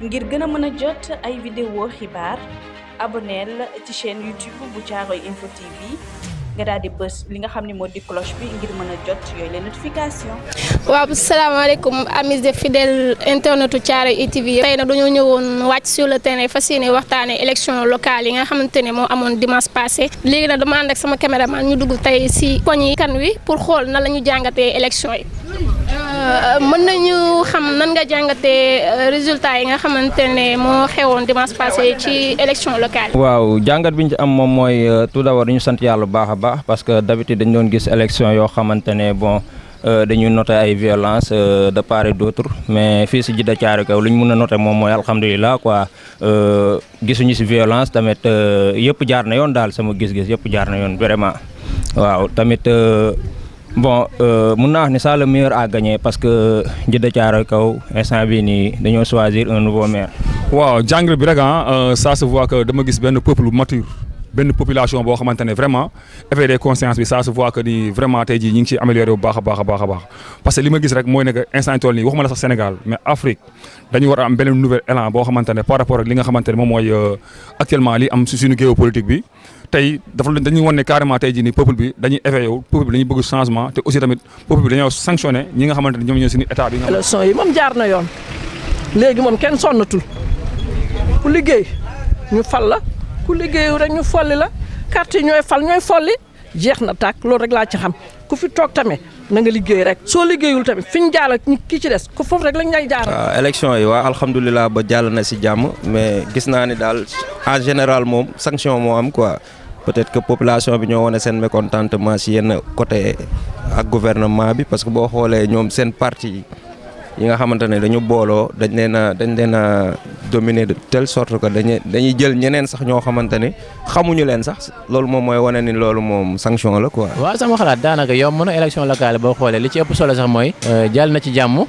ngir gën a mën a jot ay vidéo xibaar aboneel ci chaîne YouTube bu Caaroy info TV nga daal di bës li nga xam ne moo di cloche bi ngir mën jot yooyu la notification. waaw salaamaaleykum amis de fidèles internetu Caaroy ITV tey nag dañoo ñëwoon wàcc sur le terrain fa yéene waxtaanee élection locale yi nga xamante ne moo amoon dimanche passé léegi na dama ànd ak sama caméraman ñu dugg tey si koñ yi kan wi pour xool na la ñu jàngatee élection yi. Euh, mën nañu xam nan nga jàngatee euh, résultat yi nga xamante ne moo xewoon dimanche passé ci élection locale. waaw jàngat bi ñu ci am moom mooy euh, tout d'abord dañu sant yàlla bu baax a baax parce que d'habitude dañu doon gis élection yoo xamante ne bon dañuy noter ay violence de part et d'autre mais fii si Djiddah Thiaroye Kaw lu ñu mun a noote moom mooy alhamdulilah quoi gisuñu si violence tamit yëpp jaar na yoon daal sama gis-gis yëpp jaar na yoon vraiment waaw tamit. bon euh, mun naa wax ne ça le meilleur à gagner parce que Djeddah Thiaroye Kaw instant bii nii dañoo choisir un nouveau maire. waaw jàngir bi rek ah euh, ça se voit que dama gis benn peuple mature benn population boo xamante ne vraiment effet des consciences bi ça se voit que ni vraiment tey jii ñu ngi ciy amélioré bu baax a baax a baax a baax parce que li ma gis rek mooy ne que nii waxuma la sax Sénégal mais Afrique dañu war a am benn nouvel élan boo xamante ne par rapport ak li nga xamante ne euh, li am si suñu géopolitique bi. tey dafa dañuy wan ne carrément tey jii nii bi dañuy effet yow peuple bi dañuy bëgg changement te aussi tamit peuple bi dañoo sanctionné ñi nga xamante ne ñoom ñoo suñu état bi. élection yi moom na yoon léegi moom kenn sonnatul ku liggéey ñu la ku liggéeyu rek ñu folli la carte yi ñooy fal ñooy folli jeex na tàkk loolu rek laa ci xam ku fi toog tamit na nga liggéey rek soo liggéeyul tamit fi ñu jaarale ki ci des ko foofu rek lañ lay jaar waaw yi waa alhamdulilah ba jàll na si jàmm mais gis naa ne daal en général moom sanction moo am quoi. peut-être que population bi ñoo wane seen mécontentement ci yenn côté ak gouvernement bi parce que boo xoolee ñoom seen parti yi nga xamante ne dañu booloo dañ leen a dañ leen a dominer de telle sorte que dañuy dañuy jël ñeneen sax ñoo xamante ne xamuñu leen sax loolu moom mooy wane ni loolu moom sanction la quoi. waaw sama xalaat daanaka yow na élection locale boo xoolee li ci ëpp solo sax mooy. Euh, jàll na ci jàmm.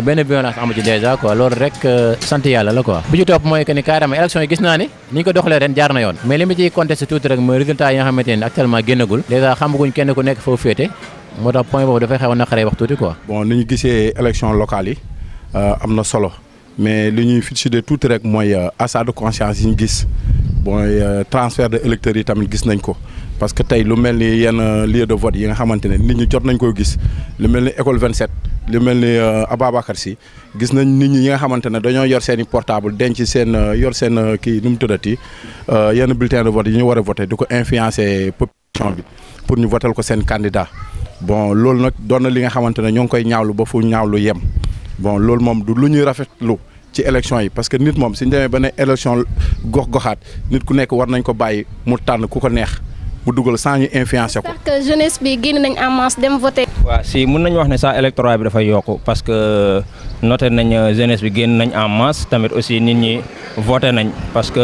ben violence amu ci déjà quoi loolu rek euh, sante yalla la quoi bi ci topp mooy que ni carrément élection yi gis na ni ni ko doxalee ren jaar na yoon mais li ma ciy contesté tuuti rek mooy résultat yi nga xamante ne actuellement génnagul dèjà xamaguñ kenn ku nek foofu fété motax tax point boobu dafay xew na xaré wax tuuti quoi bon niñu ñu gisee élection locale yi euh amna solo mais li ñuy de tout rek moy euh, assas de conscience yi ñu gis bon euh, transfert de électeurs yi tamit gis nañ ko parce que tay lu melni ni yenn lieu de vote yi nga xamante ne nit ñi jot nañ ko gis lu melni école 27 li melni euh, ababakar si gis nañ nit ñi nga xamantene dañoo yor seen portable denc seen euh, yor seen euh, ki nu tudati euh yenn bulletin de vote yi ñu wara voter diko influencer population bi pour ñu votel ko seen candidat bon lool nak doona li nga xamantene ñong koy ñaawlu ba fu ñaawlu yem bon lool mom du lu ñuy rafetlu ci élection yi parce que nit mom suñ demee ba ne élection gox goxat nit ku nekk war nañ ko bayyi mu tànn ku ko neex mu duggal sans ñu influencer ko. parce que jeunesse bi génn nañ en masse dem voter wa si mën nañ wax ne sax électorat bi dafa yokku parce que noté nañ jeunesse bi génn nañ en masse tamit aussi nit ñi voté nañ parce que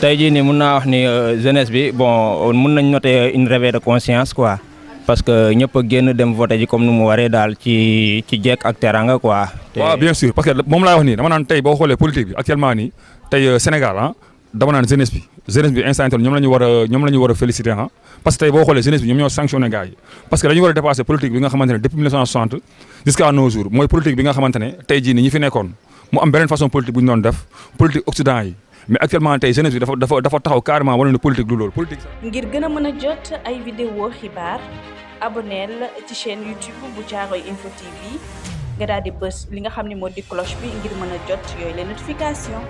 tay ji ni mën naa wax ni euh, jeunesse bi bon mën nañ noté une réveil de conscience quoi parce que ñëpp génn dem voté ji comme nu mu waree daal ci ci jeeg ak teranga quoi waaw bien sûr parce que moom laa wax nii dama naan tey boo xoolee politique bi actuellement nii tey euh, sénégal ah dama naan jeunesse bi jeunesse bi instant ñoom la ñu war a ñoom la féliciter hein parce que tey boo xoolee jeunesse bi ñoom ñoo sanctionné gars parce que dañu war dépasser politique bi nga xamante depuis 1960 jusqu'à nos jours mooy politique bi nga xamante ne tey ni ñi fi nekkoon mu am beneen façon politique bu ñu doon def politique occident yi mais actuellement tey jeunesse bi dafa dafa taxaw carrément wala ne politique du loolu politique. ngir gën a mën a jot ay vidéo xibaar abonneel ci chaîne YouTube bu Caaroy Info TV nga daal di bës li nga xam ne cloche bi ngir mën a jot yooyu les notifications.